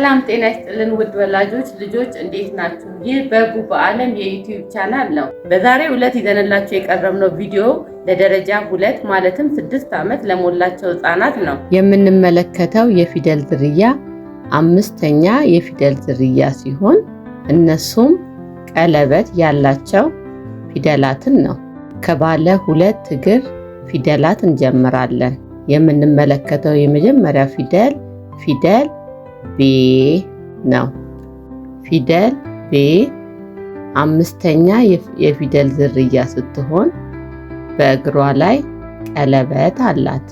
ሰላም ጤና ይስጥልን ውድ ወላጆች ልጆች እንዴት ናችሁ? ይህ በጉ በዓለም የዩቲዩብ ቻናል ነው። በዛሬው ዕለት ይዘንላቸው የቀረብነው ቪዲዮ ለደረጃ ሁለት ማለትም ስድስት ዓመት ለሞላቸው ህፃናት ነው። የምንመለከተው የፊደል ዝርያ አምስተኛ የፊደል ዝርያ ሲሆን እነሱም ቀለበት ያላቸው ፊደላትን ነው። ከባለ ሁለት እግር ፊደላት እንጀምራለን። የምንመለከተው የመጀመሪያ ፊደል ፊደል ቤ ነው። ፊደል ቤ አምስተኛ የፊደል ዝርያ ስትሆን በእግሯ ላይ ቀለበት አላት።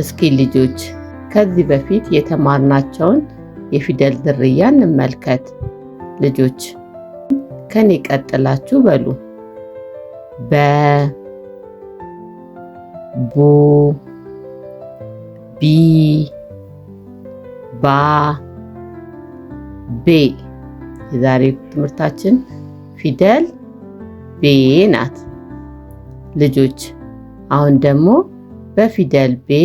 እስኪ ልጆች ከዚህ በፊት የተማርናቸውን የፊደል ዝርያ እንመልከት። ልጆች ከኔ ቀጥላችሁ በሉ። በ፣ ቡ፣ ቢ ባ ቤ የዛሬ ትምህርታችን ፊደል ቤ ናት። ልጆች አሁን ደግሞ በፊደል ቤ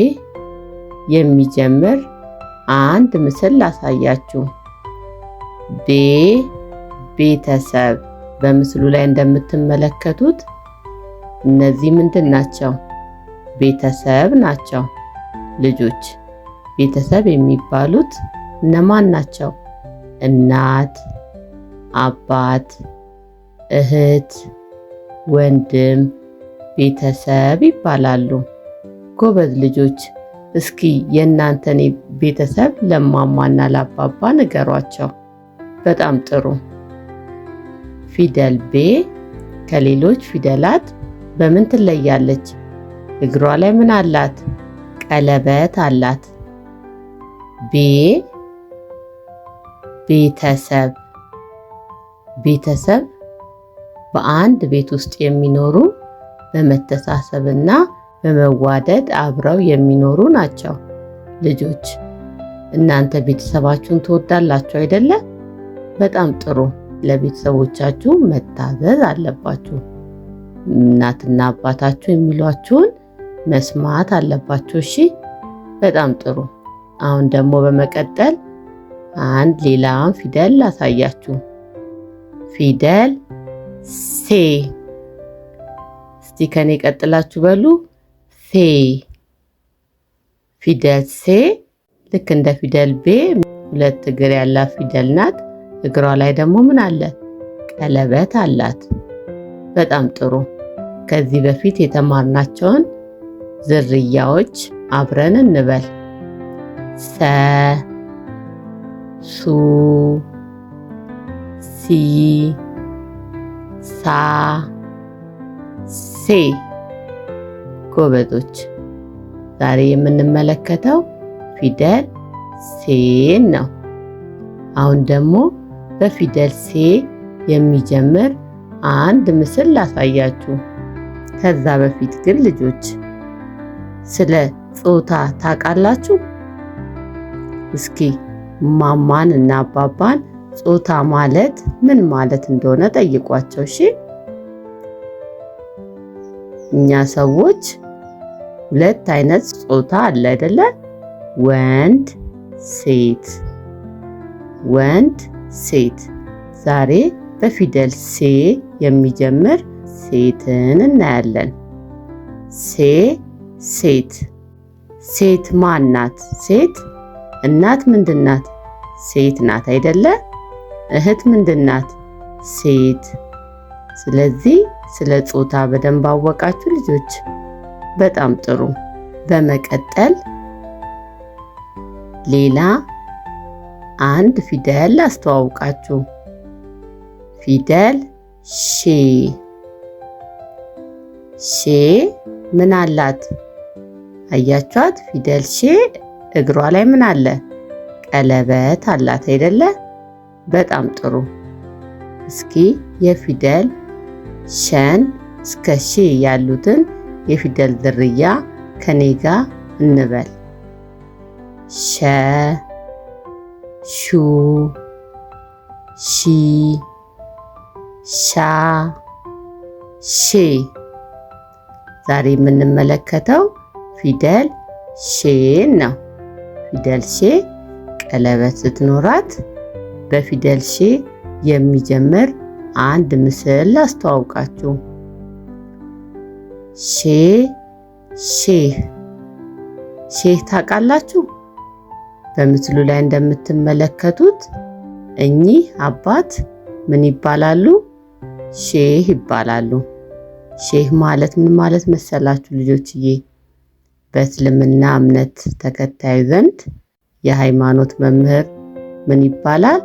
የሚጀምር አንድ ምስል ላሳያችሁ። ቤ ቤተሰብ። በምስሉ ላይ እንደምትመለከቱት እነዚህ ምንድን ናቸው? ቤተሰብ ናቸው ልጆች ቤተሰብ የሚባሉት እነማን ናቸው? እናት፣ አባት፣ እህት፣ ወንድም ቤተሰብ ይባላሉ። ጎበዝ ልጆች፣ እስኪ የእናንተን ቤተሰብ ለማማና ለአባባ ንገሯቸው። በጣም ጥሩ። ፊደል ቤ ከሌሎች ፊደላት በምን ትለያለች? እግሯ ላይ ምን አላት? ቀለበት አላት። ቤ ቤተሰብ ቤተሰብ በአንድ ቤት ውስጥ የሚኖሩ በመተሳሰብና በመዋደድ አብረው የሚኖሩ ናቸው። ልጆች እናንተ ቤተሰባችሁን ትወዳላችሁ አይደለ? በጣም ጥሩ። ለቤተሰቦቻችሁ መታዘዝ አለባችሁ። እናትና አባታችሁ የሚሏችሁን መስማት አለባችሁ። እሺ፣ በጣም ጥሩ። አሁን ደግሞ በመቀጠል አንድ ሌላውን ፊደል ላሳያችሁ። ፊደል ሴ። እስቲ ከኔ ቀጥላችሁ በሉ ሴ። ፊደል ሴ ልክ እንደ ፊደል ቤ ሁለት እግር ያላት ፊደል ናት። እግሯ ላይ ደግሞ ምን አለ? ቀለበት አላት። በጣም ጥሩ። ከዚህ በፊት የተማርናቸውን ዝርያዎች አብረን እንበል። ሰ ሱ ሲ ሳ ሴ። ጎበዞች ዛሬ የምንመለከተው ፊደል ሴን ነው። አሁን ደግሞ በፊደል ሴ የሚጀምር አንድ ምስል ላሳያችሁ። ከዛ በፊት ግን ልጆች ስለ ጾታ ታውቃላችሁ? እስኪ ማማን እና አባባን ጾታ ማለት ምን ማለት እንደሆነ ጠይቋቸው። እሺ እኛ ሰዎች ሁለት አይነት ጾታ አለ አይደለ? ወንድ ሴት፣ ወንድ ሴት። ዛሬ በፊደል ሴ የሚጀምር ሴትን እናያለን። ሴ ሴት። ሴት ማን ናት? ሴት እናት ምንድናት? ሴት ናት አይደለ? እህት ምንድናት? ሴት። ስለዚህ ስለ ጾታ በደንብ አወቃችሁ ልጆች። በጣም ጥሩ። በመቀጠል ሌላ አንድ ፊደል አስተዋውቃችሁ ፊደል ሼ። ሼ ምን አላት? አያችኋት? ፊደል ሼ እግሯ ላይ ምን አለ? ቀለበት አላት አይደለ? በጣም ጥሩ። እስኪ የፊደል ሸን እስከ ሺ ያሉትን የፊደል ዝርያ ከኔ ጋር እንበል። ሸ፣ ሹ፣ ሺ፣ ሻ፣ ሼ። ዛሬ የምንመለከተው ፊደል ሼን ነው። በፊደል ሼ ቀለበት ስትኖራት በፊደል ሼ የሚጀምር አንድ ምስል ላስተዋውቃችሁ። ሼ ሼህ ሼህ ታውቃላችሁ? በምስሉ ላይ እንደምትመለከቱት እኚህ አባት ምን ይባላሉ? ሼህ ይባላሉ። ሼህ ማለት ምን ማለት መሰላችሁ ልጆችዬ? በእስልምና እምነት ተከታይ ዘንድ የሃይማኖት መምህር ምን ይባላል?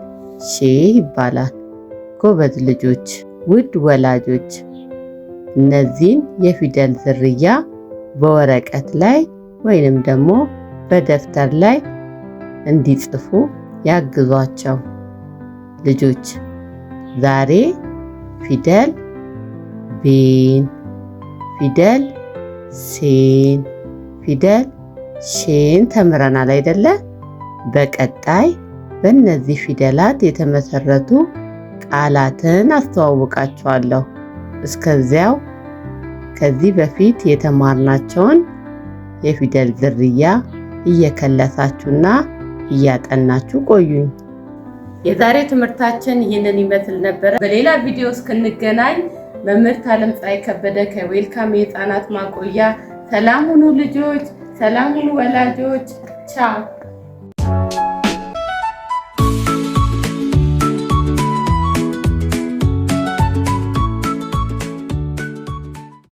ሼህ ይባላል። ጎበዝ ልጆች፣ ውድ ወላጆች እነዚህን የፊደል ዝርያ በወረቀት ላይ ወይንም ደግሞ በደብተር ላይ እንዲጽፉ ያግዟቸው። ልጆች ዛሬ ፊደል ቤን፣ ፊደል ሴን ፊደል ሼን ተምረናል አይደለ? በቀጣይ በእነዚህ ፊደላት የተመሰረቱ ቃላትን አስተዋውቃቸዋለሁ። እስከዚያው ከዚህ በፊት የተማርናቸውን የፊደል ዝርያ እየከለሳችሁና እያጠናችሁ ቆዩኝ። የዛሬ ትምህርታችን ይህንን ይመስል ነበረ። በሌላ ቪዲዮ እስክንገናኝ መምህርት ዓለምፀሐይ ከበደ ከዌልካም የህፃናት ማቆያ ሰላም ሁኑ ልጆች፣ ሰላም ሁኑ ወላጆች። ቻው